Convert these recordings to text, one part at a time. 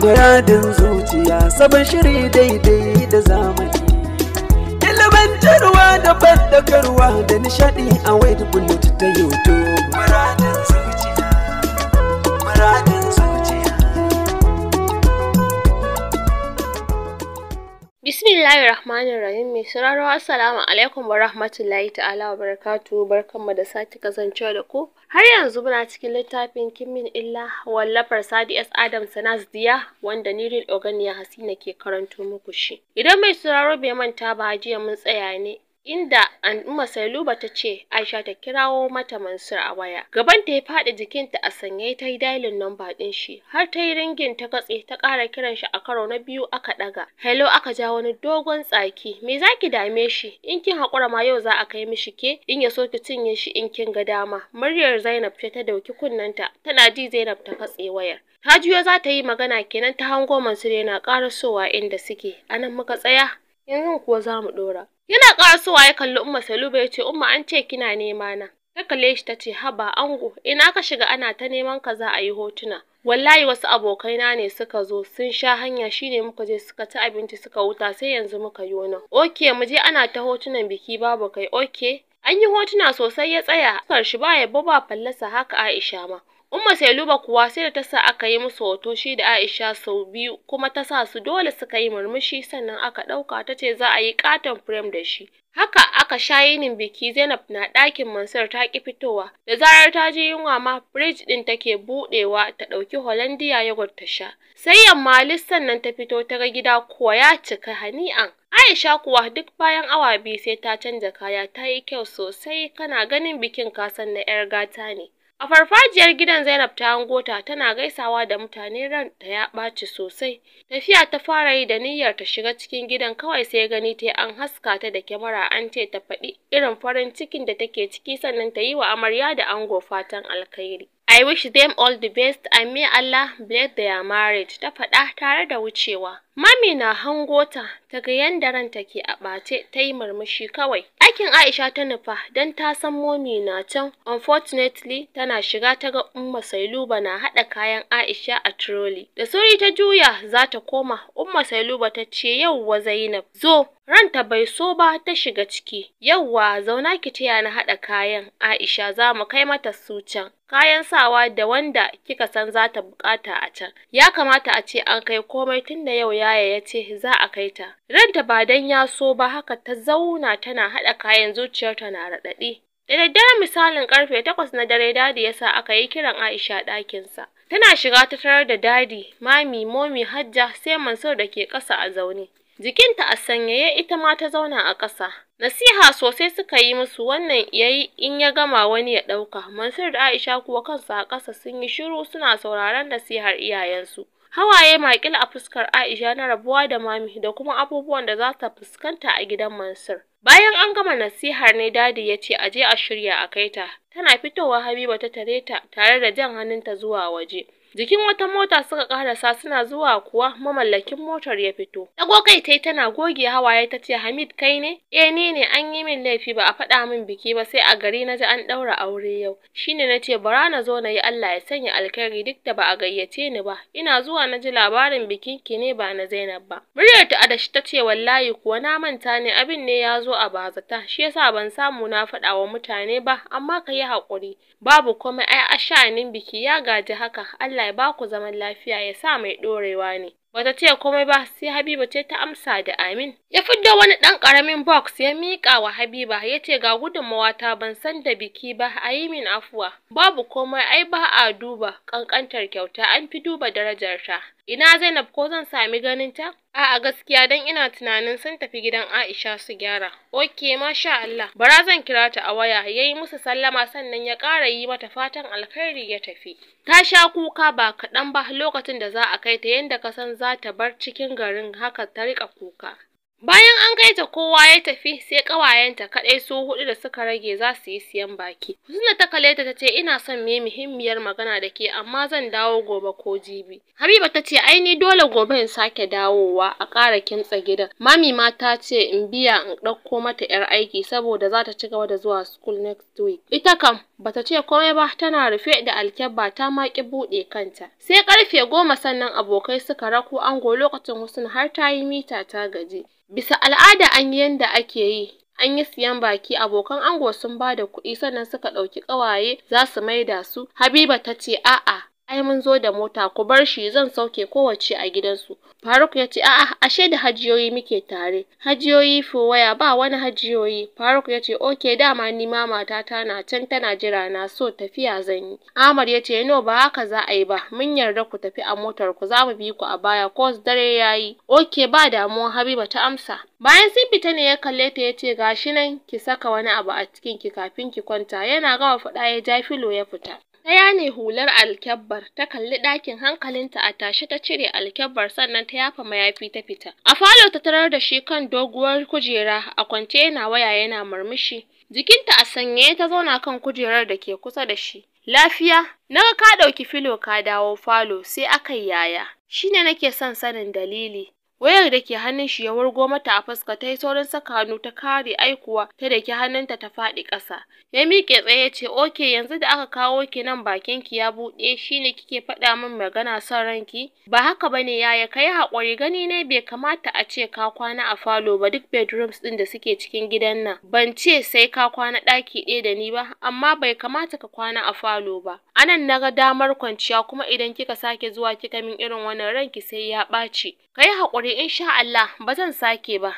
Muradin zuciya sabon shiri daidai da zamani. Ilimantarwa da bandakarwa da nishadi a wayar bullet ta YouTube. Muradin zuciya, muradin Bismillahir Rahmanir Rahim. Mai sauraro Assalamu alaikum wa rahmatullahi ta'ala wa barakatuhu. Barkanmu da sati kasancewa da ku. Har yanzu muna cikin littafin Kimmin Illa wallafar Sadi S Adam Sanas Diya wanda Niril Oganiya Hasina ke karanto muku shi. Idan mai sauraro bai manta ba jiya mun tsaya ne inda Umma Sailuba ta ce Aisha ta kirawo mata Mansur a waya. Gaban ta ya faɗi jikinta a sanye ta yi dailin namba ɗin shi har ta yi ringin ta katse ta ƙara kiran shi a karo na biyu aka ɗaga. Hello aka ja wani dogon tsaki. Me zaki dame shi? In kin hakura ma yau za a kai mishi ke in ya so ki cinye shi in kin ga dama. Muryar Zainab ce ta dauki kunnenta tana ji Zainab ta katse wayar. Hajiyo za ta yi magana kenan ta hango Mansur yana ƙarasowa inda suke. Anan muka tsaya yanzun eh, kuwa mu ɗora. Yana ƙarasowa ya kalli Umma salube ya ce, Umma an ce kina nema na. Ta kalle shi ta ce, haba ango, ina ka shiga ana ta neman ka za a yi hotuna. Wallahi wasu abokaina ne suka zo, sun sha hanya shine muka je suka ci abinci suka wuta, sai yanzu muka yi wani Oke, mu je ana ta hotunan biki babu kai, oke. An yi hotuna sosai ya tsaya, fuskar shi ba yabo ba fallasa haka Aisha ma. Umma Sailuba kuwa sai da ta sa aka yi musu hoto shi da Aisha sau biyu kuma ta sa su dole suka yi murmushi sannan aka ɗauka ta ce za a yi katon firem da shi. Haka aka sha yinin biki Zainab na ɗakin Mansur ta ƙi fitowa, da zarar ta ji yunwa ma firij ɗin take buɗewa ta ɗauki Hollandia yogurt ta sha. Sai yamma lissan nan ta fito ta ga gida kuwa ya cika hani'an. Aisha kuwa duk bayan awa biyu sai ta canza kaya ta yi kyau sosai kana ganin bikin kasan na 'yar gata ne. A farfajiyar gidan Zainab ta hango ta tana gaisawa da mutane ranta ya ɓaci sosai. Tafiya ta fara yi da niyyar ta shiga cikin gidan kawai sai gani tayi an haska ta da kyamara an ce ta faɗi irin farin cikin da take ciki sannan ta yi wa amarya da ango fatan alkhairi. I wish them all the best and may Allah bless their marriage ta faɗa tare da wucewa. Mami na hango ta, ta ga yadda ranta ke a ɓace, ta yi murmushi kawai. Ɗakin Aisha ta nufa don ta san Momi na can. Unfortunately, tana shiga ta ga Umma Sailuba na haɗa kayan Aisha a trolley. Da sauri ta juya za ta koma, Umma Sailuba ta ce yauwa Zainab, zo ranta bai so ba ta shiga ciki. Yauwa zauna ki taya na haɗa kayan Aisha za mu kai mata su can. kayan sawa da wanda kika san za ta buƙata a can. Ya kamata a ce an kai komai tun da yau ya Raya ya ce za a kai ta. Ranta ba dan ya so ba haka ta zauna tana haɗa kayan zuciyarta na raɗaɗi. Da daddare misalin karfe takwas na dare dadi ya sa aka yi kiran Aisha ɗakinsa. Tana shiga ta tarar da dadi, mami, momi, hajja sai Mansur da ke ƙasa a zaune. Jikinta a sanyaye ita ma ta zauna a ƙasa. Nasiha sosai suka yi musu wannan yayi in ya gama wani ya ɗauka. Mansur da Aisha kuwa kansu a ƙasa sun yi shiru suna sauraron nasihar iyayensu. Hawaye maƙil a fuskar Aisha na rabuwa da Mami da kuma abubuwan da za ta fuskanta a gidan Mansur. Bayan an gama nasihar ne Dadi ya ce a a shirya a kaita Tana fitowa Habiba ta tare ta tare da jan hannunta zuwa waje. Jikin wata mota suka karasa suna zuwa kuwa mamallakin motar ya fito. Dago kai tai tana goge hawa ya tace Hamid kai ne? Eh ni ne an yi min laifi ba a faɗa min biki ba sai a gari na ji an ɗaura aure yau. Shine na ce bara na zo na yi Allah ya sanya alkhairi duk da ba a gayyace ni ba. Ina zuwa na ji labarin bikin ki ne ba na Zainab ba. Muryar ta adashi ta ce wallahi kuwa na manta ne abin ne ya zo a bazata shi yasa ban samu na faɗa wa mutane ba amma ka yi haƙuri. Babu komai ai sha'anin biki ya gaji haka Allah Allah ya baku zaman lafiya ya sa mai ɗorewa ne. Bata ce komai ba sai Habiba ce ta amsa da amin. Ya fiddo wani ɗan ƙaramin box ya miƙa wa Habiba ya ce ga gudunmawa ta ban san da biki ba a yi min afuwa. Babu komai ai ba a duba ƙanƙantar kyauta an fi duba darajarta. Ina Zainab ko zan sami ganin ta? A'a gaskiya dan ina tunanin sun tafi gidan Aisha su gyara. Ok masha Allah. Bara zan kira ta a waya yayi musu sallama sannan ya ƙara yi mata fatan alkhairi ya tafi. Ta sha kuka ba kaɗan ba lokacin da za a kai ta yadda ka san za ta bar cikin garin haka ta riƙa kuka. Bayan an kai ta kowa ya tafi sai ƙawayenta kaɗai su hudu da suka rage za su yi siyan baki. Husna ta kale ta ce ina son me muhimmiyar magana da ke amma zan dawo gobe ko jibi. Habiba ta ce ai ni dole gobe in sake dawowa a ƙara kintsa gidan. Mami ma ta ce in biya in ɗauko mata 'yar aiki saboda za ta ci gaba da zuwa school next week. Ita kam bata ce komai ba tana rufe da alkyabba ta ma ki buɗe kanta. Sai karfe goma sannan abokai suka rako ango lokacin Husna har ta yi mita ta gaji. Bisa al'ada an yi yadda ake yi, an yi siyan baki, abokan ango sun ba da kuɗi sannan suka ɗauki ƙawaye za su maida su, Habiba ta ce a'a. ai mun zo da mota ku bar shi zan sauke kowace a gidansu Faruk ya ce a'a ashe da hajiyoyi muke tare hajiyoyi fi waya ba wani hajiyoyi Faruk ya ce okay dama ni ma matata na can tana jira na so tafiya zan yi Ahmad ya ce no ba haka za a yi ba mun yarda ku tafi a motar ku za mu bi ku a baya ko dare ya yi. okay ba damuwa Habiba ta amsa bayan sun fita ne ya kalle ta ya ce gashi nan ki saka wani abu a cikin ki kafin ki kwanta yana gama faɗa ya ja filo ya fita Ɗaya ne hular alkyabbar, ta kalli ɗakin, hankalinta a tashe ta cire alkyabbar sannan ta yafa mayafi ta fita. A falo ta tarar da shi kan doguwar kujera a kwance yana waya yana murmushi. Jikinta a sanye ta zauna kan kujerar da ke kusa da shi. Lafiya, naga ka ɗauki filo ka dawo falo sai akai yaya. Shi ne nake son sanin dalili. Wayar da ke hannun shi ya wurgo mata a fuska ta yi saurin saka hannu ta kare aikuwa ta da daki hannunta ta faɗi ƙasa. Ya miƙe tsaye ce, "Ok, yanzu da aka kawo ki nan bakin ki ya buɗe shine kike faɗa min magana son ranki?" Ba haka ba ne, yaya ka yi haƙuri gani ne bai kamata a ce ka kwana a falo ba duk bedrooms ɗin da suke cikin gidan nan. Ban ce sai ka kwana ɗaki ɗaya da ni ba, amma bai kamata ka kwana a falo ba. Anan na ga damar kwanciya kuma idan kika sake zuwa kika min irin wannan ranki sai ya ɓaci. yi haƙuri In insha Allah ba zan sake ba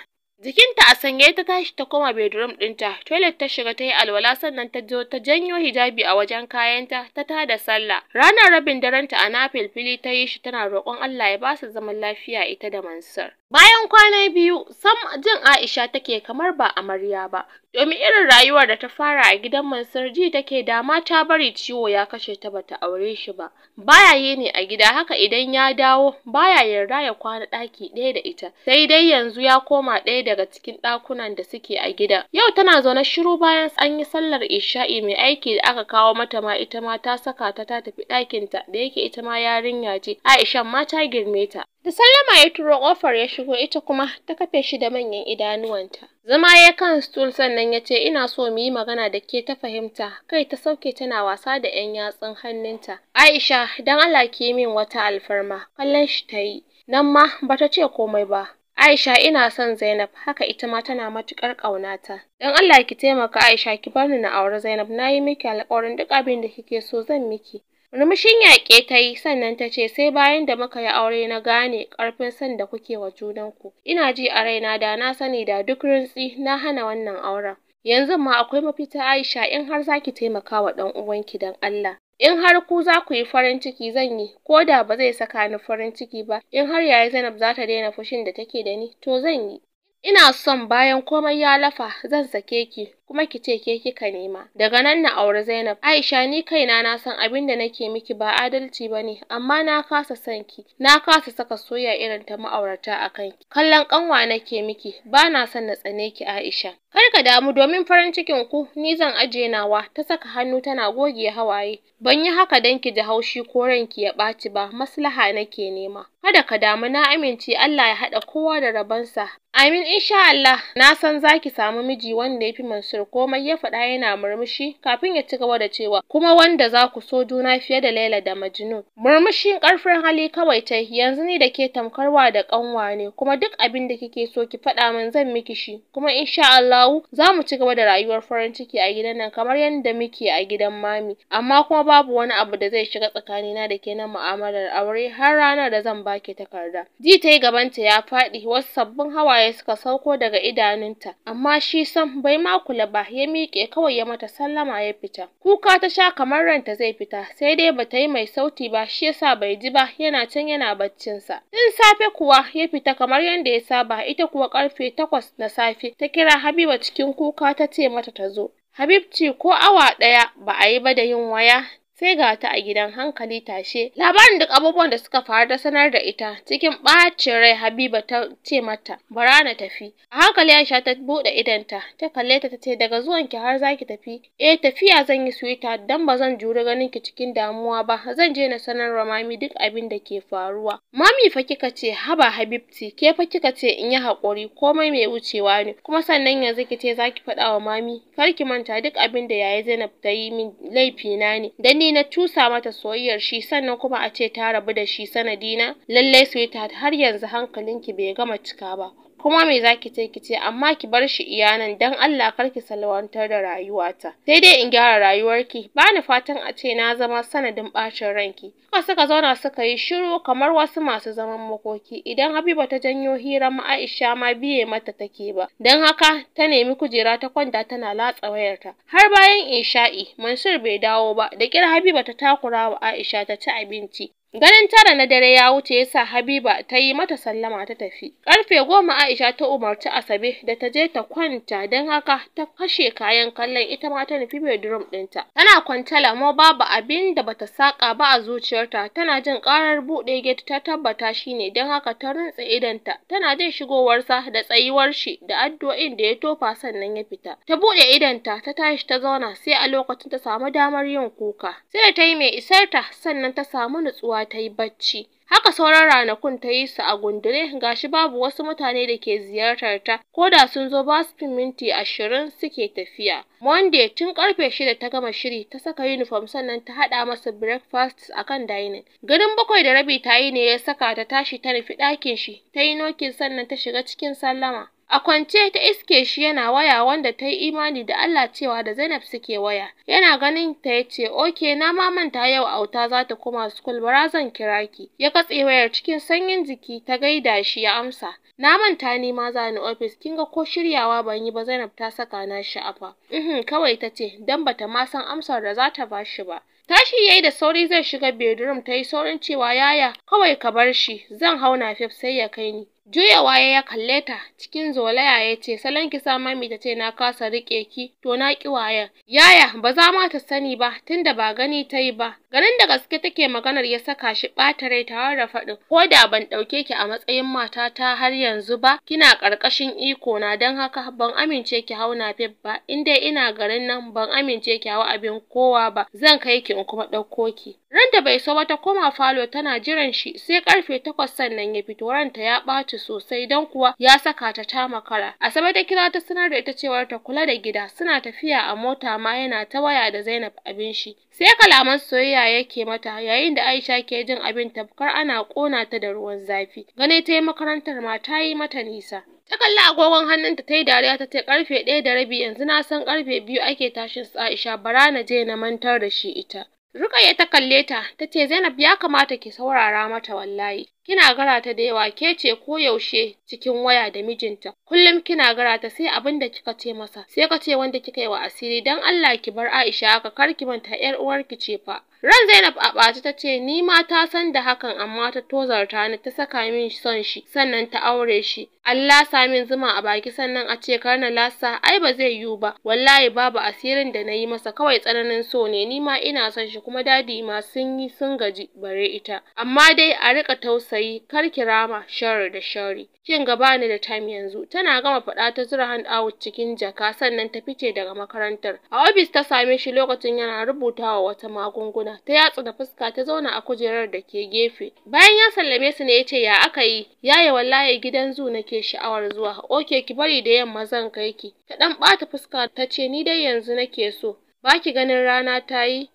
jikinta a sanye ta tashi ta koma bedroom ɗinta toilet ta shiga ta yi alwala sannan ta zo ta janyo hijabi a wajen kayanta ta da sallah ranar rabin daren ta a na filfili ta yi shi tana roƙon Allah ya ba su zaman lafiya ita da Mansur Bayan kwana biyu, sam jin Aisha take kamar ba amarya ba, domin irin rayuwar da ta fara a gidan Mansur ji take da ma ta bari ciwo ya kashe ta bata aure shi ba. Baya yi ne a gida haka idan ya dawo, baya yarda ya kwana ɗaki ɗaya da ita, sai dai yanzu ya koma ɗaya daga cikin ɗakunan da suke a gida. Yau tana zaune shiru bayan an yi sallar Isha'i mai aiki da aka kawo mata ma ita ma ta saka ta ta tafi ɗakinta da yake ita ma yarinya ce, Aisha ma ta girme ta. Da sallama ya turo ƙofar ya shigo ita kuma ta kafe shi da manyan idanuwanta. Zama ya kan stool sannan ya ce ina so mu yi magana da ke ta fahimta kai ta sauke tana wasa da 'yan yatsun hannunta. Aisha dan Allah ki min wata alfarma kallon shi ta yi nan ma bata ce komai ba. Aisha ina son Zainab haka ita ma tana matukar ƙaunata. dan Allah ki taimaka Aisha ki bar ni na aure Zainab nayi miki alƙawarin duk abin da kike so zan miki. Murmushin yaƙe ta yi, sannan ta ce, sai bayan da muka yi aure na gane ƙarfin son da kuke wa junanku. Ina ji a raina da na sani da duk rintsi na hana wannan auren. Yanzu ma akwai mafita Aisha in har za ki taimaka wa ɗan uwanki don Allah. In har ku za ku yi farin ciki zan yi, ko da ba zai saka ni farin ciki ba, in har yaya Zainab za ta daina fushin da take da ni, to zan yi. Ina son bayan komai ya lafa zan sake ki, kuma ki ce ke kika nema daga nan na auri Zainab Aisha ni kaina na san abin da nake miki ba adalci bane amma na kasa san ki na kasa saka soyayya irin ta ma'aurata a kanki kallon kanwa nake miki Ba na son na tsane ki Aisha kar ka damu domin farin cikin ku ni zan ajiye nawa ta saka hannu tana goge hawaye ban yi haka dan ki ji haushi ko ranki ya ɓaci ba maslaha nake nema kada ka damu na amince Allah ya haɗa kowa da rabansa amin insha Allah na san zaki samu miji wanda ya fi Mansur komai ya faɗa yana murmushi kafin ya ci gaba da cewa kuma wanda za ku so juna fiye da Laila da Majnun murmushin ƙarfin hali kawai ta yanzu ni da ke tamkarwa da ƙanwa ne kuma duk abin da kike so ki faɗa min zan miki shi kuma insha Allahu za mu ci gaba da rayuwar farin ciki a gidan nan kamar yadda muke a gidan mami amma kuma babu wani abu da zai shiga tsakanina da ke na mu'amalar aure har ranar da zan baki takarda ji ta yi gabanta ya faɗi wasu sabbin hawaye suka sauko daga idanunta amma shi sam bai ma kula ba ya miƙe kawai ya mata sallama ya fita kuka ta sha kamar ranta zai fita sai dai bata yi mai sauti ba shi yasa bai ji ba yana can yana baccin sa in safe kuwa ya fita kamar yadda ya saba ita kuwa karfe takwas na safe ta kira Habiba cikin kuka ta ce mata ta zo Habibci ko awa ɗaya ba a yi ba da yin waya sai ga ta a gidan hankali tashe labarin duk abubuwan da suka faru da sanar da ita cikin ɓacin rai Habiba ta ce mata bara na tafi a hankali Aisha ta bude idanta ta kalle ta tace daga zuwan ki har zaki tafi eh tafiya zan yi suita dan ba zan juri ganin ki cikin damuwa ba zan je na sanar wa mami duk abin da ke faruwa mami fa kika ce haba Habibti ke fa kika ce in yi hakuri komai mai wucewa ne kuma sannan yanzu ki ce zaki faɗa wa mami kar ki manta duk abin da yayi Zainab ta yi min laifi na ne dan ni na cusa mata soyayyar shi sannan kuma a ce ta rabu da shi sanadina lallai sweetheart har yanzu hankalinki bai gama cika ba kuma me za ki ce ki ce amma ki bar shi iya nan dan Allah kar ki salwantar da rayuwata sai dai in gyara rayuwarki ba ni fatan a ce na zama sanadin bacin ranki haka suka zauna suka yi shiru kamar wasu masu zaman makoki idan Habiba ta janyo hira ma Aisha ma biye mata take ba dan haka ta nemi kujera ta kwanta tana latsa wayarta har bayan isha'i Mansur bai dawo ba da kira Habiba ta takura wa Aisha ta ci abinci Ganin tara na dare ya wuce ya sa Habiba ta yi mata sallama ta tafi. Karfe goma Aisha ta umarci Asabe da ta je ta kwanta don haka ta kashe kayan kallon ita ma ta nufi bedroom ɗinta. Tana kwantala ma babu abin da bata saƙa ba a zuciyarta tana jin ƙarar buɗe gate ta tabbata shi ne, don haka ta rintse idonta tana jin shigowarsa da tsayuwar shi da addu'o'in da ya tofa sannan ya fita. Ta buɗe idonta ta tashi ta zauna sai a lokacin ta samu damar yin kuka. Sai ta yi mai isarta sannan ta samu nutsuwa ta yi bacci. Haka sauran ranakun ta yi su a gundure shi babu wasu mutane da ke ziyartar ta ko da sun zo ba su minti ashirin suke tafiya. Monday tun karfe shida ta gama shiri ta saka uniform sannan ta haɗa masa breakfast a kan dining. Ganin bakwai da rabi ta yi ne ya saka ta tashi ta nufi ɗakin shi ta yi nokin sannan ta shiga cikin sallama. A kwance ta iske shi yana waya wanda ta yi imani da Allah cewa da Zainab suke waya. Yana ganin ta yace, ce, "Oke, na ma manta yau auta za ta koma school barazan kira ki." Ya katse wayar cikin sanyin jiki ta gaida shi ya amsa. Na manta ni ma za ni ofis, kin ga ko shiryawa ban yi ba Zainab ta saka na sha'afa. Ihun uhm, kawai ta ce, don bata ma san amsar da za ta ba shi ba. Tashi yayi da sauri zai shiga bedroom tayi saurin cewa yaya kawai ka bar shi zan hau nafef sai ya kai ni. Juyawa ya ya kalle ta, cikin zolaya ya ce, salon ki sa mami ta ce na kasa rike ki, to na ki wayar. Yaya, ba za ma ta sani ba, tunda ba gani ta yi ba. Ganin da gaske take maganar ya saka shi ɓata rai tare da faɗin, ko da ban ɗauke ki a matsayin matata har yanzu ba, kina ƙarƙashin iko na don haka ban amince ki hau napep ba, in dai ina garin nan ban amince ki hau abin kowa ba, zan kai ki in kuma ɗauko ki. Randa bai so ba ta koma falo tana jiran shi sai karfe takwas sannan ya fito ranta ya ɓaci sosai don kuwa ya saka ta ta makara. Asabe ta kira ta sanar da ita cewar ta kula da gida suna tafiya a mota ma yana ta waya da Zainab abin shi. Sai kalaman soyayya yake mata yayin da Aisha ke jin abin tabkar ana kona ta da ruwan zafi. Gane ta makarantar ma ta yi mata nisa. ta kalli agogon hannunta ta yi dariya ta ce karfe ɗaya da rabi yanzu na san karfe biyu ake tashin Aisha bara na je na mantar da shi ita Rukayya ta kalle ta, tace ce Zainab ya kamata ki saurara mata wallahi. Kina gara ta da yawa ke ce ko yaushe cikin waya da mijinta. Kullum kina gara ta sai abin da kika ce masa, sai ka ce wanda kika yi wa asiri dan Allah ki bar Aisha haka kar ki manta 'yar uwarki ce fa. Ran Zainab a ɓace ta ce ni ma ta san da hakan amma ta tozarta ni ta saka min son shi sannan ta aure shi. Allah sa min zuma a baki sannan a ce "Karna, na lasa ai ba zai yiwu ba wallahi babu asirin da na yi masa kawai tsananin so ne ni ma ina son shi kuma dadi ma sun yi sun gaji bare ita. Amma dai a rika tausayi kar ki rama sharri da sharri. Kin gaba ni da time yanzu tana gama faɗa ta zura hand out cikin jaka sannan ta fice daga makarantar. A ofis ta same shi lokacin yana rubutawa wata magunguna. da ta yatsu da fuska ta zauna a kujerar da ke gefe bayan ya sallame su ne yace ya aka yi yaya wallahi gidan zu nake sha'awar zuwa oke ki bari da yamma zan kai ki ta dan bata fuska ta ce ni dai yanzu nake so baki ganin rana ta yi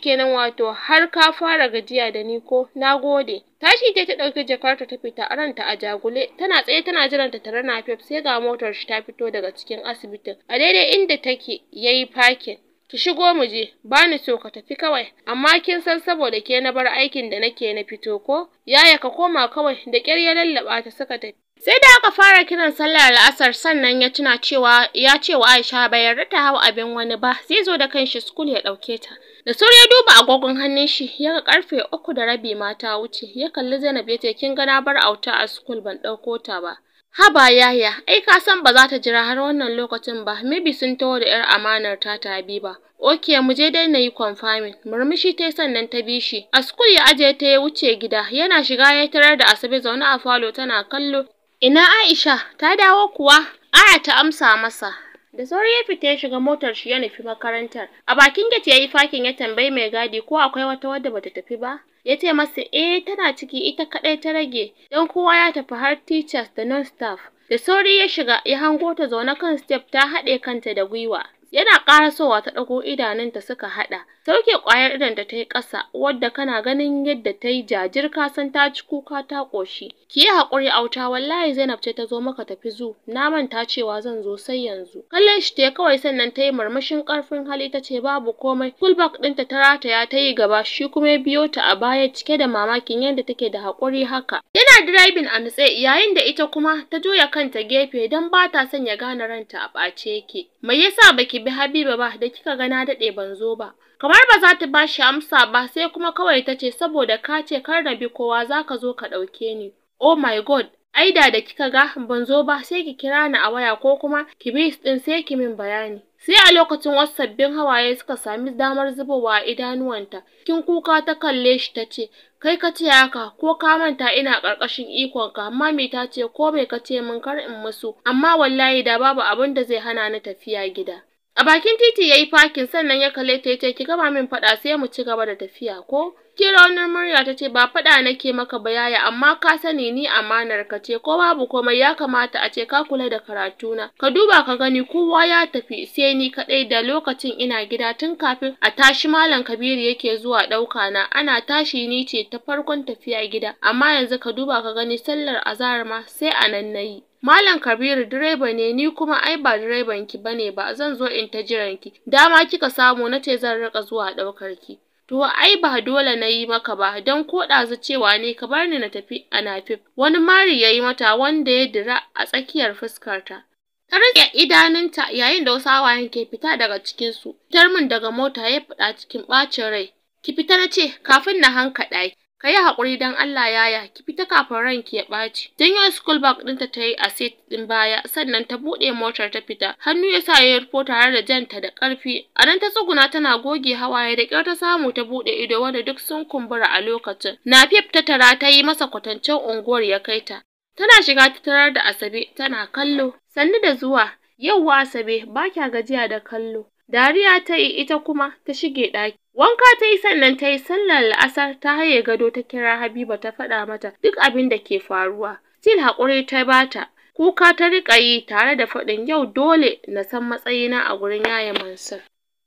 kenan wato har ka fara gajiya da ni ko nagode tashi ta ta dauki jakarta ta fita a ranta a jagule tana tsaye tana jiran ta tare na fef sai ga motar shi ta fito daga cikin asibitin a daidai inda take yayi parking ki shigo mu je ba ni so ka tafi kawai amma kin san saboda ke na bar aikin da nake na fito ko yaya ka koma kawai da ƙyar ya lallaba ta suka tafi sai da aka fara kiran sallar al'asar sannan ya tuna cewa ya ce wa Aisha bai yarda ta hau abin wani ba zai zo da kanshi school ya ɗauke ta da sauri ya duba agogon hannun shi ya ga karfe uku da rabi mata wuce ya kalli Zainab ya ce kin ga na bar auta a school ban ɗauko ta ba Haba yaya! ai ka san ba za ta jira har wannan lokacin ba, maybe sun taho da 'yar amanar ta bi ba. Ok, mu je dai na yi confirming. Murmushi ta sannan ta bi shi. A school ya aje ta ya wuce gida, yana shiga ya tarar da Asabe zaune a falo tana kallo. Ina Aisha, ta dawo kuwa? Aya ta amsa masa. da sauri ya fita ya shiga motar shi ya nufi makarantar a bakin gate yi fakin ya tambayi mai gadi ko akwai wata wadda bata tafi ba ya ce masa eh tana ciki ita kadai ta rage don kowa ya tafi har teachers da non staff da sauri ya shiga ya hango ta zaune kan step ta haɗe kanta da gwiwa Yana ƙarasowa ta ɗago idanunta suka haɗa. Sauke ƙwayar idonta ta yi ƙasa, wadda kana ganin yadda ta yi jajir ka san ta ci kuka ta ƙoshi. Ki yi haƙuri auta wallahi Zainab ce ta zo maka tafi zu, na manta cewa zan zo sai yanzu. Kalle shi ta kawai sannan ta yi murmushin ƙarfin hali ta ce babu komai. Fullback ɗinta ta rataya ta yi gaba shi kuma ya biyo ta a baya cike da mamakin yadda take da hakuri haka. Yana direbin a nutse yayin da ita kuma ta juya kanta gefe don ba ta son ya gane ranta a ɓace yake. Mai yasa baki bi Habiba ba da kika ga na daɗe ban zo ba. Kamar ba za ta ba shi amsa ba sai kuma kawai ta ce saboda ka ce kar na bi kowa za ka zo ka ɗauke ni. Oh my god, ai da kika ga ban zo ba sai ki kira ni a waya ko kuma ki bi ɗin sai ki min bayani. sai a lokacin wasu sabbin hawaye suka sami damar zubowa idanuwanta kin kuka ta kalle shi ta ce kai ka ce haka ko ka manta ina ƙarƙashin ikonka amma me ta ce ko mai ka ce min kar in musu amma wallahi da babu abin da zai hana ni tafiya gida A bakin titi ya yi fakin sannan ya kalle ta ce ki gama min faɗa sai mu ci gaba da tafiya ko? Ki raunin murya ta ce ba faɗa nake maka bayaya amma ka sani ni amanar ka ce ko babu komai ya kamata a ce ka kula da karatuna. Ka duba ka gani kowa ya tafi sai ni kaɗai da lokacin ina gida tun kafin a tashi malam Kabiru yake zuwa ɗauka na ana tashi ni ce ta farkon tafiya gida amma yanzu ka duba ka gani sallar azahar ma sai a nan na yi. Malam Kabiru direba ne ni kuma ai ba direban ki bane ba zan zo in ta jiranki, dama kika samu na ce zan rika zuwa ɗaukar ki. To ai ba dole na yi maka ba don ko ɗazu cewa ne ka bar ni na tafi a Nafif. Wani mari ya yi mata wanda ya dira a tsakiyar fuskarta. Ta rike idanunta yayin da wasu hawayen ke fita daga cikinsu. Fitar min daga mota ya faɗa cikin ɓacin rai. Ki fita na ce kafin na hanka ki. Ka yi haƙuri don Allah yaya, ki fita kafin ranki ya ɓaci. Janyo school bag ɗinta ta yi a seat ɗin baya, sannan ta buɗe motar ta fita. Hannu ya sa ya rufo tare da janta da ƙarfi. A nan ta tsuguna tana goge hawaye da ƙyar ta samu ta buɗe ido wanda duk sun kumbura a lokacin. Nafif ta tara ta yi masa kwatancen unguwar ya kai ta. Tana shiga ta tarar da Asabe tana kallo. Sannu da zuwa, yauwa Asabe ba kya gajiya da kallo. Dariya ta yi ita kuma ta shige ɗaki. Wanka ta yi sannan ta yi sallar la'asar ta haye gado ta kira Habiba ta faɗa mata duk abin da ke faruwa. Still haƙuri ta bata. Kuka ta riƙa yi tare da faɗin yau dole na san matsayina a gurin Yaya Mansur.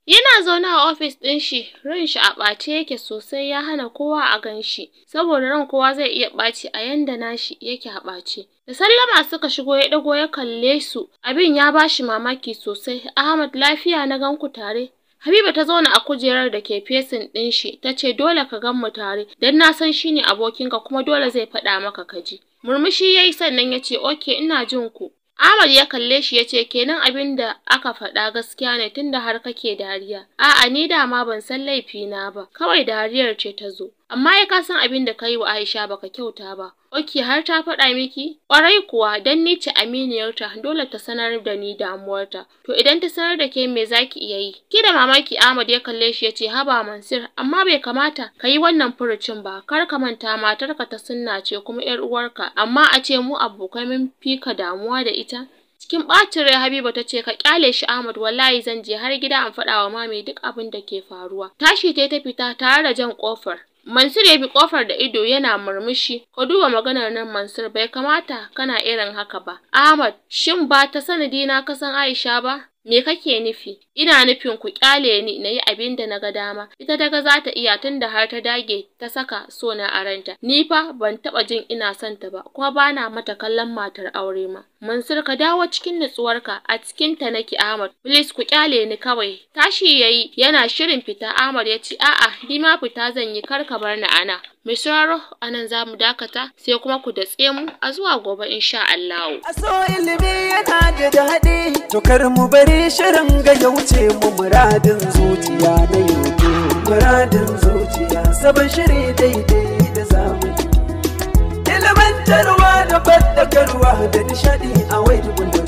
Yana zaune a ofis ɗin shi, ran shi a ɓace yake sosai ya hana kowa a gan shi, saboda ran kowa zai iya ɓaci a yanda nashi yake a ɓace. Da sallama suka shigo ya ɗago ya kalle su, abin ya bashi mamaki sosai. Ahmad lafiya na ganku tare, Habiba ta zauna a kujerar da ke fesin ɗin shi ta ce dole ka gan mu tare don na san shi ne abokinka kuma dole zai faɗa maka ka ji. Murmushi ya yi sannan ya ce oke ina jin ku. Ahmad ya kalle shi ya ce kenan abin da aka faɗa gaskiya ne tunda har kake dariya. A'a ni dama ban san laifi na ba, kawai dariyar ce ta zo. Amma ya ka san abin da ka yi wa Aisha baka kyauta ba. Ok, har ta faɗa miki? Kwarai kuwa, don ni ce aminiyarta, dole ta sanar da ni damuwarta. To idan ta sanar da ke me zaki iya yi? Ki da mamaki Ahmad ya kalle shi ya ce, Haba Mansur, amma bai kamata ka yi wannan furucin ba, kar ka manta matarka ta sunna ce kuma 'yar uwarka, amma a ce mu abokai mun fi ka damuwa da ita. cikin ɓacin rai Habiba ta ce ka kyale shi Ahmad wallahi zan je har gida an faɗa wa mami duk abin da ke faruwa tashi ta ta fita tare da jan kofar Mansur ya bi ƙofar da ido yana murmushi. Ka duba maganar nan Mansur, bai kamata kana irin haka ba. Ahmad, shin ba ta sanadina ka san Aisha ba? Me kake nufi? Ina nufin ku kyale ni na yi abin da na ga dama. Ita daga zata za ta iya tunda har ta dage ta saka sona a ranta. Ni fa ban taɓa jin ina son ta ba, kuma bana mata kallon matar aure ma. Mansur ka dawo cikin nutsuwarka a cikin ta nake Ahmad. Please ku kyale ni kawai. Tashi yayi yana shirin fita Ahmad ya ce a'a ni ma fita zan yi kar ka bar ni ana. Mai sauraro a nan za mu dakata sai kuma ku datse mu a zuwa gobe insha Allah. Aso ilimi yana da daɗi to mu bari yi shirin ga ya wuce mu muradin zuciya na yanzu muradin zuciya sabon shiri daidai da zamani ilimantarwa da fadakarwa da nishadi a wai